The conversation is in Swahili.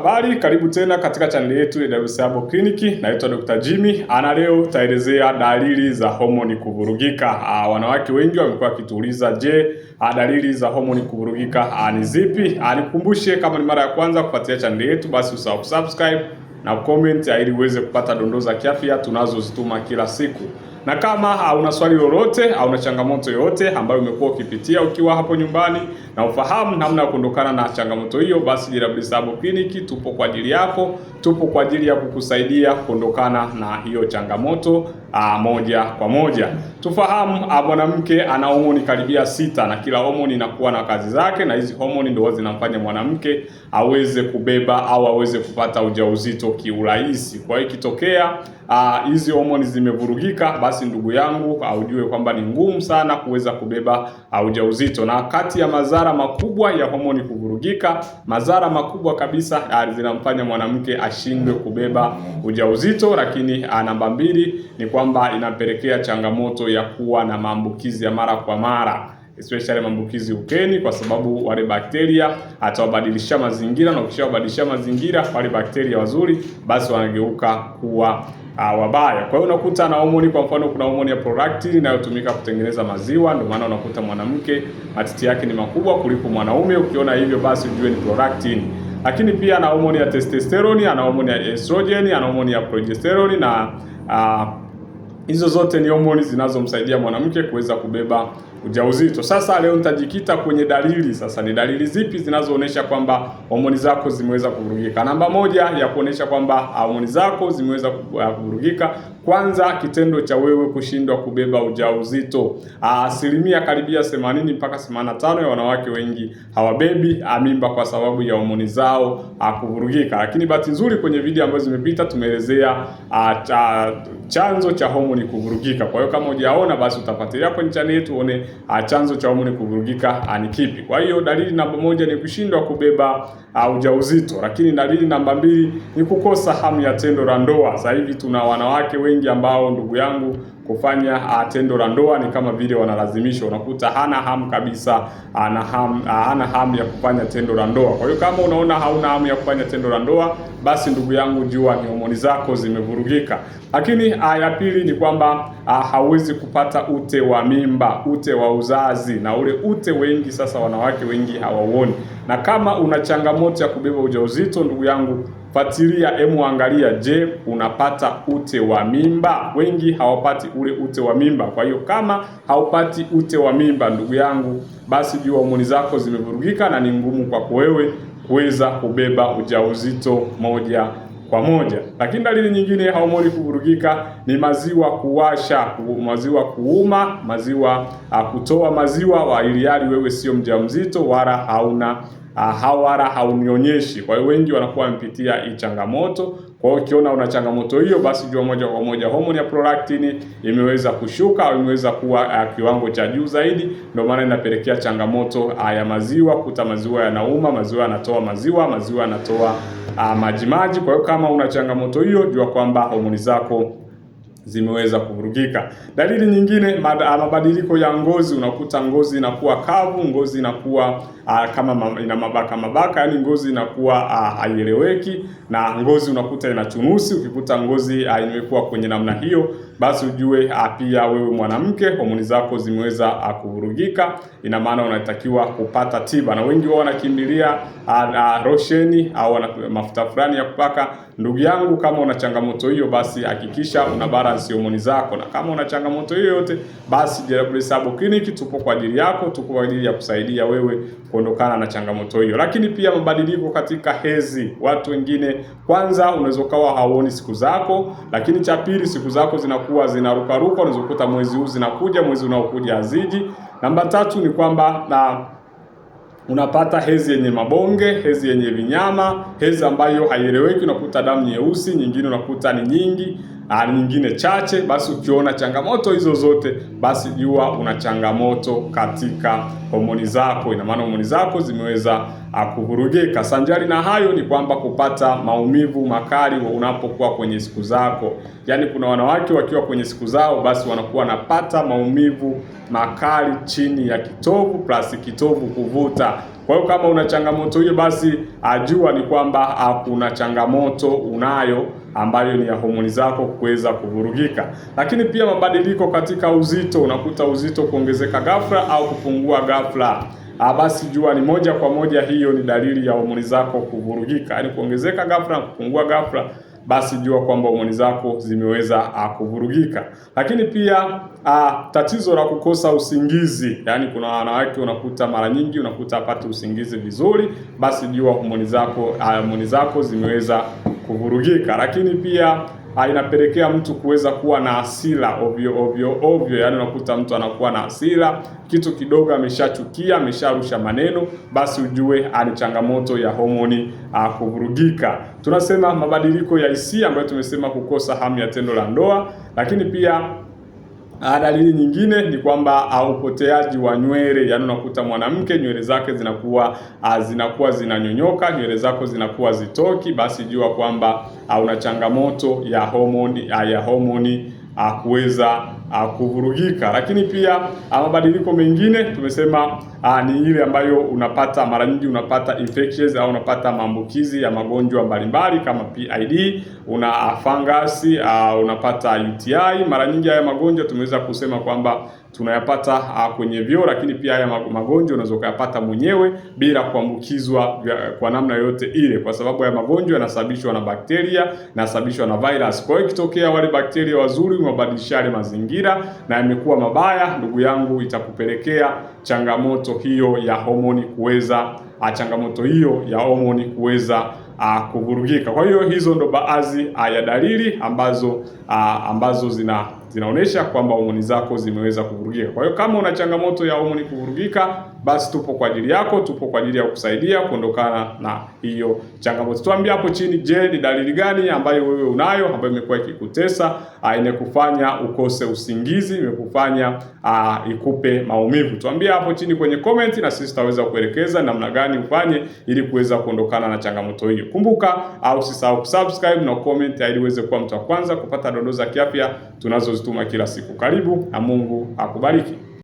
Habari, karibu tena katika chaneli yetu ya Sabo Kliniki. Naitwa Dr. Jimmy ana, leo taelezea dalili za homoni kuvurugika. Ah, wanawake wengi wamekuwa wakituuliza, je, ah, dalili za homoni kuvurugika ah, ni zipi? nikumbushe kama ni mara ya kwanza kufuatilia chaneli yetu, basi usahau subscribe na comment ili uweze kupata dondoo za kiafya tunazozituma kila siku. Na kama hauna swali lolote au una changamoto yoyote ambayo umekuwa ukipitia ukiwa hapo nyumbani na ufahamu namna ya kuondokana na changamoto hiyo, basi JW Sabo Clinic tupo kwa ajili yako, tupo kwa ajili ya kukusaidia kuondokana na hiyo changamoto a, ah, moja kwa moja. Tufahamu ah, mwanamke ana homoni karibia sita na kila homoni inakuwa na kazi zake, na hizi homoni ndio zinamfanya mwanamke aweze kubeba au aweze kupata ujauzito kiurahisi. Kwa hiyo ikitokea ah, hizi uh, homoni zimevurugika, basi ndugu yangu aujue kwamba ni ngumu sana kuweza kubeba uh, ujauzito. Na kati ya madhara makubwa ya homoni kuvurugika, madhara makubwa kabisa uh, zinamfanya mwanamke ashindwe kubeba ujauzito, lakini uh, namba mbili ni kwamba inapelekea changamoto ya kuwa na maambukizi ya mara kwa mara especially maambukizi ukeni, kwa sababu wale bakteria atawabadilisha mazingira, na ukishawabadilishia mazingira wale bakteria wazuri, basi wanageuka kuwa uh, wabaya. Kwa hiyo unakuta na homoni, kwa mfano kuna homoni ya prolactin inayotumika kutengeneza maziwa, ndio maana unakuta mwanamke matiti yake ni makubwa kuliko mwanaume. Ukiona hivyo, basi ujue ni prolactin lakini pia ana homoni ya testosterone, ana homoni ya estrogen, ana homoni ya progesterone na ah, hizo uh, zote ni homoni zinazomsaidia mwanamke kuweza kubeba ujauzito. Sasa leo nitajikita kwenye dalili. Sasa ni dalili zipi zinazoonyesha kwamba homoni zako zimeweza kuvurugika? Namba moja ya kuonyesha kwamba homoni zako zimeweza eh, kuvurugika, kwanza, kitendo cha wewe kushindwa kubeba ujauzito. Ah, asilimia karibia 80 mpaka 85 ya wanawake wengi hawabebi ah, mimba kwa sababu ya homoni zao ah, kuvurugika, lakini bahati nzuri kwenye video ambazo zimepita tumeelezea chanzo cha homoni kuvurugika. Kwa hiyo kama hujaona, basi utafuatilia kwenye chaneli yetu uone Ah, chanzo cha homoni kuvurugika ah, ni kipi. Kwa hiyo dalili namba moja ni kushindwa kubeba uh, ujauzito. Lakini dalili namba mbili ni kukosa hamu ya tendo la ndoa. Sasa hivi tuna wanawake wengi ambao, ndugu yangu, kufanya uh, tendo la ndoa ni kama vile wanalazimishwa. Unakuta hana hamu kabisa, ana hamu, hana hamu ya kufanya tendo la ndoa. Kwa hiyo kama unaona hauna hamu ya kufanya tendo la ndoa, basi ndugu yangu, jua ni homoni zako zimevurugika. Lakini ah, ya pili ni kwamba ah, hauwezi kupata ute wa mimba, ute wa uzazi, na ule ute wengi sasa wanawake wengi hawauoni. Na kama una changamoto ya kubeba ujauzito, ndugu yangu, fatilia emu, angalia, je, unapata ute wa mimba? Wengi hawapati ule ute wa mimba. Kwa hiyo kama haupati ute wa mimba, ndugu yangu, basi jua homoni zako zimevurugika na ni ngumu kwako wewe kuweza kubeba ujauzito moja kwa moja. Lakini dalili nyingine ya homoni kuvurugika ni maziwa kuwasha, maziwa kuuma, maziwa ah, kutoa maziwa, wa iliali wewe sio mjamzito wala hauna Ah, hawara haunionyeshi. Kwa hiyo wengi wanakuwa wamepitia hii changamoto. Kwa hiyo ukiona una changamoto hiyo, basi jua moja kwa moja homoni ya prolactin imeweza kushuka au imeweza kuwa uh, kiwango cha juu zaidi, ndio maana inapelekea changamoto uh, ya maziwa, kuta maziwa yanauma, maziwa yanatoa maziwa, maziwa yanatoa uh, majimaji. Kwa hiyo kama una changamoto hiyo, jua kwamba homoni zako zimeweza kuvurugika. Dalili nyingine, ah, mabadiliko ya ngozi. Unakuta ngozi inakuwa kavu, ngozi inakuwa aa, ah, kama ina mabaka mabaka, yani ngozi inakuwa ah, haieleweki, na ngozi unakuta inachunusi. Ukikuta ngozi imekuwa kwenye namna hiyo basi ujue ah, pia wewe mwanamke homoni zako zimeweza ah, kuvurugika, ina maana unatakiwa kupata tiba. Na wengi wao wanakimbilia rosheni ah, au wana mafuta fulani ya kupaka. Ndugu yangu, kama una changamoto hiyo, basi hakikisha una balance homoni zako, na kama una changamoto hiyo yote, basi Jerabless Herbal Clinic tupo kwa ajili yako, tuko kwa ajili ya kusaidia wewe kuondokana na changamoto hiyo. Lakini pia mabadiliko katika hezi, watu wengine, kwanza unaweza ukawa hauoni siku zako, lakini cha pili siku zako zinakuwa zinakuwa zinarukaruka, unazokuta mwezi huu zinakuja, mwezi unaokuja haziji. Namba tatu ni kwamba na unapata hezi yenye mabonge, hezi yenye vinyama, hezi ambayo haieleweki, unakuta damu nyeusi, nyingine unakuta ni nyingi na nyingine chache, basi ukiona changamoto hizo zote, basi jua una changamoto katika homoni zako. Ina maana homoni zako zimeweza ah, kuvurugika. Sanjari na hayo ni kwamba kupata maumivu makali unapokuwa kwenye siku zako, yaani kuna wanawake wakiwa kwenye siku zao, basi wanakuwa wanapata maumivu makali chini ya kitovu plus kitovu kuvuta. Kwa hiyo kama una changamoto hiyo, basi ajua ah, ni kwamba ah, kuna changamoto unayo ambayo ni ya homoni zako kuweza kuvurugika. Lakini pia mabadiliko katika uzito, unakuta uzito kuongezeka ghafla au kupungua ghafla. Ah, basi jua ni moja kwa moja, hiyo ni dalili ya homoni zako kuvurugika, yaani kuongezeka ghafla na kupungua ghafla basi jua kwamba homoni zako zimeweza ah, kuvurugika. Lakini pia a, ah, tatizo la kukosa usingizi, yaani kuna wanawake unakuta mara nyingi unakuta hapati usingizi vizuri, basi jua homoni zako homoni zako zimeweza kuvurugika, lakini pia ah, inapelekea mtu kuweza kuwa na hasira ovyo ovyo ovyo. Yani unakuta mtu anakuwa na hasira, kitu kidogo ameshachukia, amesharusha maneno, basi ujue ah, ni changamoto ya homoni ah, kuvurugika. Tunasema mabadiliko ya hisia ambayo tumesema, kukosa hamu ya tendo la ndoa, lakini pia Ah, dalili nyingine ni kwamba ah, upoteaji wa nywele, yaani unakuta mwanamke nywele zake zinakuwa ah, zinakuwa zinanyonyoka, nywele zako zinakuwa zitoki, basi jua kwamba una changamoto ya homoni ya homoni kuweza kuvurugika. Lakini pia mabadiliko mengine tumesema aa, ah, ni ile ambayo unapata mara nyingi unapata infections au unapata maambukizi ya magonjwa mbalimbali kama PID, una ah, fangasi, ah, unapata UTI. Mara nyingi haya magonjwa tumeweza kusema kwamba tunayapata ah, kwenye vyoo, lakini pia haya magonjwa unaweza ukayapata mwenyewe bila kuambukizwa kwa namna yoyote ile, kwa sababu haya magonjwa yanasababishwa na bakteria na na virus. Kwa hiyo ikitokea wale bakteria wazuri umebadilisha yale mazingira na yamekuwa mabaya, ndugu yangu, itakupelekea changamoto hiyo ya homoni kuweza ah, changamoto hiyo ya homoni kuweza ah, kuvurugika. Kwa hiyo hizo ndo baadhi ya dalili ambazo ambazo zina zinaonyesha kwamba homoni zako zimeweza kuvurugika. Kwa hiyo kama una changamoto ya homoni kuvurugika, basi tupo kwa ajili yako, tupo kwa ajili ya kukusaidia kuondokana na hiyo changamoto. Tuambie hapo chini, je, ni dalili gani ambayo wewe unayo ambayo imekuwa ikikutesa, ah, imekufanya ukose usingizi, imekufanya ah, ikupe maumivu? Tuambie hapo chini kwenye comment, na sisi tutaweza kuelekeza namna gani ufanye ili kuweza kuondokana na changamoto hiyo. Kumbuka au ah, usisahau kusubscribe na comment ili uweze kuwa mtu wa kwanza kupata dondoo za kiafya tunazo kuzituma kila siku. Karibu na Mungu akubariki.